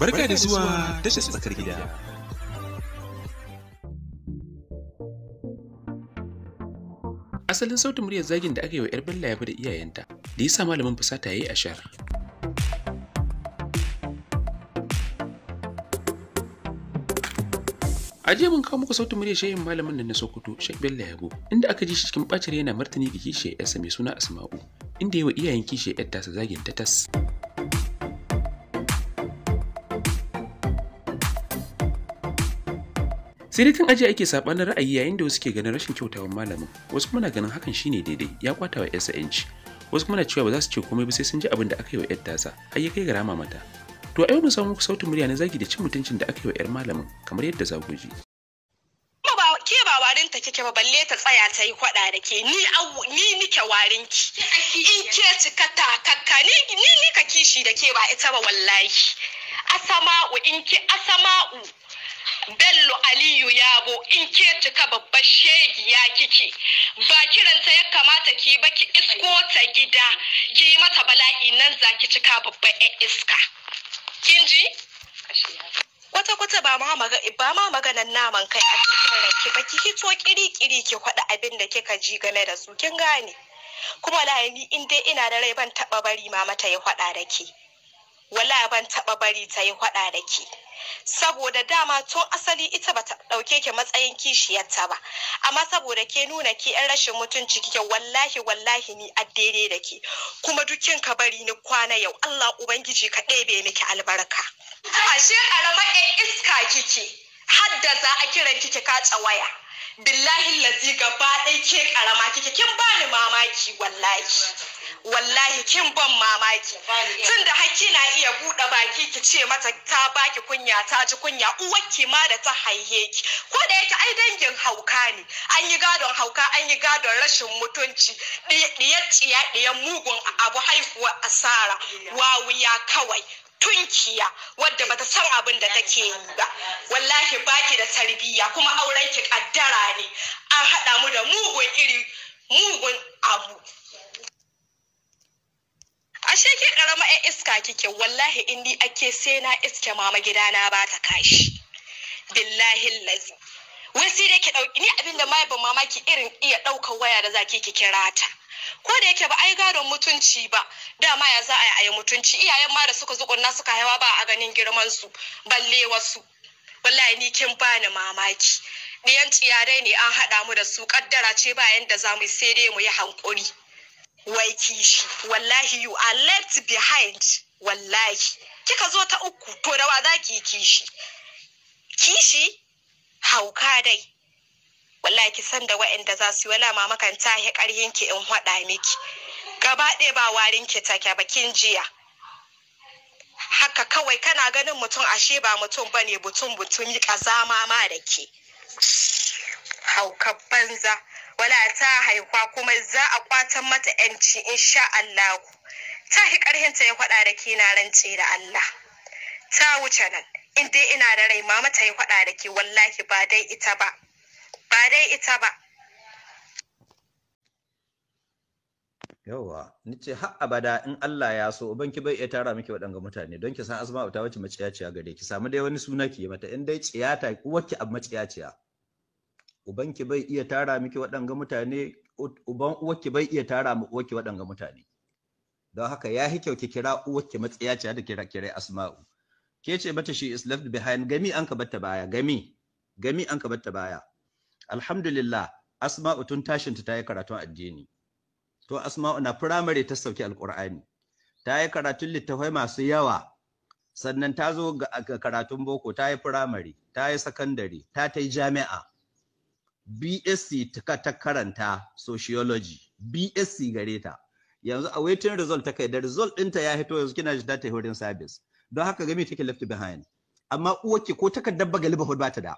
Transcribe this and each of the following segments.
Barka da zuwa tashar tsakar gida. Asalin sautin muryar zagin da aka yi wa 'yar Bello ya da iyayenta, da ya sa malamin fusata ya yi ashar. A jiya mun kawo muku sautin muryar shehin malamin nan na Sokoto, Sheikh Bello Yabo, inda aka ji shi cikin bacin yana martani ga kishiyar 'yarsa mai suna Asma'u, inda ya wa iyayen kishiyar 'yar tasa zagin ta tas. sai dai tun aji ake sabanin ra'ayi yayin da wasu ke ganin rashin kyautawa malamin wasu kuma na ganin hakan shine daidai ya kwata wa yarsa yanci wasu kuma na cewa ba za su ce komai ba sai sun ji abin da aka yi wa yar tasa har ya kai ga rama mata to a yau mun samu sautin murya na zagi da cin mutuncin da aka yi wa yar malamin kamar yadda zagoji ke ba warin ta kike ba balle ta tsaya ta yi kwada da ke ni ni nike warin ki in ke cika ta kakka ni ni ka kishi da ke ba ita ba wallahi asama'u in ki asama'u bello aliyu yabo in ke cika babbar ya kike ba kiranta ya kamata ki ba ki isko ta gida ki yi mata bala'i nan za ki cika babbar iska kin ji kwata-kwata ba ma ba ma maganan naman kai a cikin rake ba ki hito kiri-kiri ki faɗi abin da kika ji game da su kin gane kuma lahani in dai ina da rai ban taɓa bari mama ta ya faɗa da ke. wala ban taba bari ta yi hwada da ke saboda dama to asali ita ba ta dauke ki matsayin kishiyarta ba amma saboda ke nuna ke yan rashin mutunci kike wallahi wallahi ni addere da ke kuma dukkin ka bari ni kwana yau Allah ubangiji ka ɗebe miki albarka ashe karamar iska kike hadda za a kiran kike katsa waya billahi lazi gaba ɗai ke ƙarama, kike kin bani mamaki wallahi wallahi kin ban mamaki tun da na iya buɗe baki ki ce mata ta baki kunya ta ji kunya uwarki ma da ta haihe ki ko da yake ai dangin hauka ne an yi gadon hauka an yi gadon rashin mutunci ɗiyar ciya ɗiyar mugun abu haihuwar asara wawuya kawai tunkiya wadda bata san abin da take yi ba wallahi baki da tarbiyya kuma auren ki kaddara ne an haɗa mu da mugun iri mugun abu ashe ke karama yan iska kike wallahi in ni ake sai na iske mama gidana ba ta kashi billahi lazi wai sai dai ki dauki ni abinda mai ban mamaki irin iya ɗaukar waya da zaki ki kira ta ko da yake ba ai gadon mutunci ba dama ya za a yi mutunci iyayen ma da suka kunna suka haihuwa ba a ganin girman su balle wasu wallahi ni kin bani mamaki ciya ciyarai ne an haɗa mu da su kaddara ce ba da za mu sai dai mu yi hankuri wai kishi wallahi you are left behind wallahi kika zo ta uku to da wa za ki kishi kishi hauka dai wallahi ki san da wa'anda za su yi wala mama kan tahi ƙarhin ki in haɗa miki gaba ɗaya ba warin ki take bakin jiya haka kawai kana ganin mutum ashe ba mutum bane butun butun yi kazama ma da ke hauka banza wala ta haikwa kuma za a kwatan mata yanci sha Allah ta hi ta ya faɗa da ke na rance da Allah ta wuce nan in dai ina da rai mama ta yi faɗa da ke wallahi ba dai ita ba ita ba yauwa ni ce har abada in Allah ya so ki bai iya tara miki waɗanga mutane don ki san asma ta wace maciyaciya gare ki samu dai wani suna ki mata in dai ciyata ki a maciyaciya ki bai iya tara miki waɗanga mutane uban uwarki bai iya tara mu uwarki waɗanga mutane don haka ya hi kyau ki kira uwarki maciyaciya da kira kira asma'u ke ce mata shi is left behind gami an ka batta baya gami gami an ka batta baya alhamdulillah asma'u tun tashinta ta yi karatun addini to asma'u na firamare ta sauki alkur'ani ta yi karatun littafai masu yawa sannan ta zo ga karatun boko ta yi firamare ta yi sakandare ta ta yi jami'a bsc ta karanta sociology bsc gare ta yanzu a waiting result ta kai da result ɗinta ya hito yanzu kina ji ta yi wurin service don haka gami take left behind amma uwarki ko takardar bagali ba ta da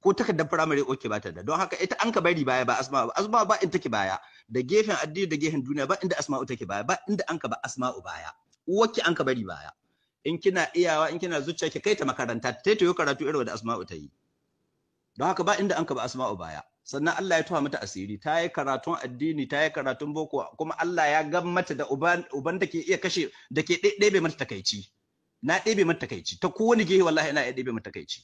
ko takardar firamare oke ba ta da don haka ita an ka bari baya ba asma'u asma'u ba in take baya da gefen addini da gefen duniya ba inda asma'u take baya ba inda an ka ba asma'u baya uwarki an ka bari baya in kina iyawa in kina zuciya ki kai ta makaranta ta tayo karatu irin da asma'u ta yi don haka ba inda an ka ba asma'u baya sannan Allah ya tuha mata asiri ta yi karatun addini ta yi karatun boko kuma Allah ya gan mata da uban uban da ke iya kashe da ke ɗebe mata takaici na ɗebe mata takaici ta kowane gehe wallahi ina iya ɗebe mata takaici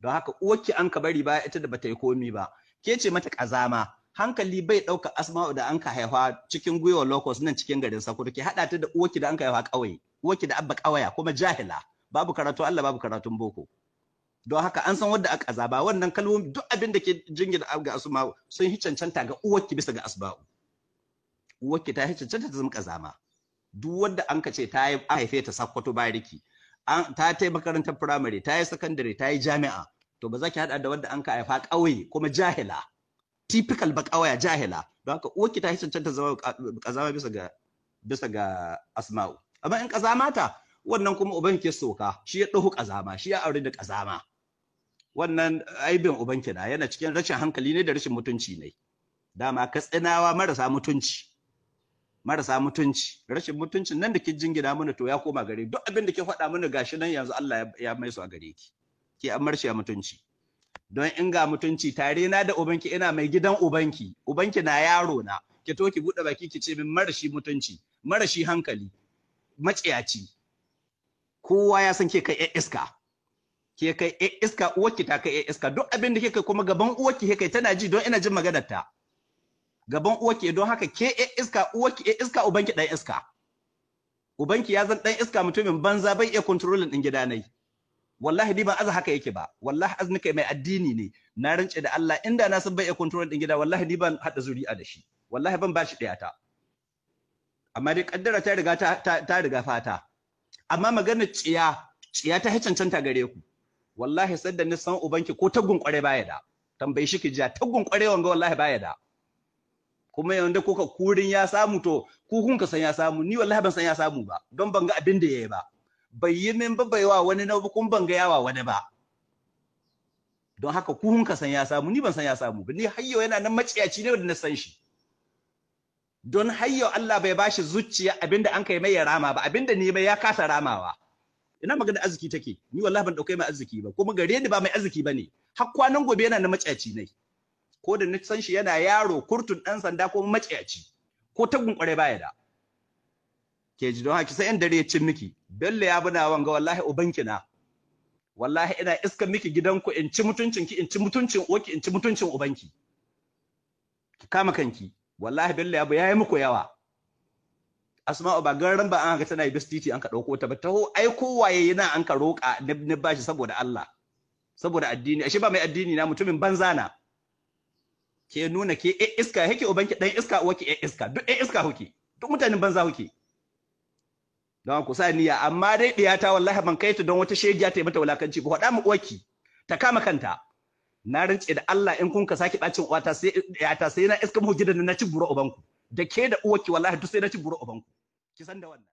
don haka uwarki an ka bari baya ita da bata yi komi ba ke ce mata kazama hankali bai ɗauka asma'u da an ka haihuwa cikin gwiwa locus nan cikin garin sakuta ke haɗa ta da uwarki da an ka haihuwa ƙauye uwarki da abba ƙawaya kuma jahila babu karatu Allah babu karatun boko don haka an san wadda aka azaba wannan kalmomi duk abin da ke jingina ga asma'u sun hi cancanta ga uwarki bisa ga asba'u uwarki ta hi cancanta ta zama kazama duk wadda an ka ce ta haife ta sakkwato bariki ta ta makarantar firamare ta yi sakandare ta yi jami'a to ba za ki haɗa da wanda an ka haifa ƙauye kuma jahila typical ba ƙawaya jahila don haka uwarki ta yi cancanta zama ƙazama bisa ga bisa ga asma'u amma in ƙazama ta wannan kuma uban ke soka shi ya ɗahu ƙazama shi ya aure da ƙazama wannan aibin uban na yana cikin rashin hankali ne da rashin mutunci ne dama katsinawa marasa mutunci marasa mutunci rashin mutuncin nan da kin jingina mana to ya koma gare duk abin da ke faɗa mana gashi nan yanzu Allah ya mai su a gare ki ki an marshe mutunci don in ga mutunci tare na da ubanki ina mai gidan ubanki ubanki na yaro na ki to ki bude baki ki ce min marashi mutunci marashi hankali maciyaci kowa ya san ke kai iska ke kai iska uwarki ta kai iska duk abin da kai kuma gaban uwarki kai tana ji don ina jin maganar ta gaban uwake don haka ke iska uwake iska ubanki dan iska ubanki ya zan dan iska mutumin banza bai iya controlling din gida nai wallahi ni ba aza haka yake ba wallahi azni kai mai addini ne na rince da Allah inda na san bai iya controlling din gida wallahi ni ban hada zuri'a da shi wallahi ban bashi daya ta amma dai kaddara ta riga ta ta riga fata amma magana tsiya tsiya ta hicancanta gare ku wallahi sadda ni san ubanki ko tagun kware baya da tambayi shi ki ja tagun kware wanga wallahi baya da kuma yanda kuka kurin ya samu to ku kun ka san ya samu ni wallahi ban san ya samu ba don ban ga abin da yayi ba bai yi min ba wa wani na ba kun ban ga yawa wani ba don haka ku kun ka san ya samu ni ban san ya samu ba ni hayyo yana nan maciyaci ne da na san shi don hayyo Allah bai bashi zuciya abinda an kai mai ya rama ba abinda ni mai ya kasa ramawa ina magana arziki take ni wallahi ban dauke mai arziki ba kuma gare ni ba mai arziki bane har kwanan gobe yana na maciyaci ne ko da na san shi yana yaro kurtun ɗan sanda ko maciyaci ko tagun ƙware baya da ke ji don haki sai yan dare ya cin miki bello ya bina wanga wallahi ubanki na wallahi ina iska miki gidanku in ci mutuncin ki in ci mutuncin uwaki in ci mutuncin ubanki ki kama kanki wallahi bello ya bu yayi muku yawa asma'u ba garin ba an haka tana yi titi an ka dauko ta ba taho ai kowa yayi na an ka roka na bashi saboda Allah saboda addini ashe ba mai addini na mutumin banza na ke nuna ke e iska yake ubanki dan iska uwaki e iska duk e iska huke duk mutanen banza huke don ku sa niyya amma dai diyata wallahi ban kai ta don wata shegiya ta yi mata wulakanci ba hada mu uwaki ta kama kanta na rince da Allah in kun ka saki bacin uwata sai ta sai na iska mu gidan na ci buru ubanku da ke da uwaki wallahi duk sai na ci buru ubanku ki san da wannan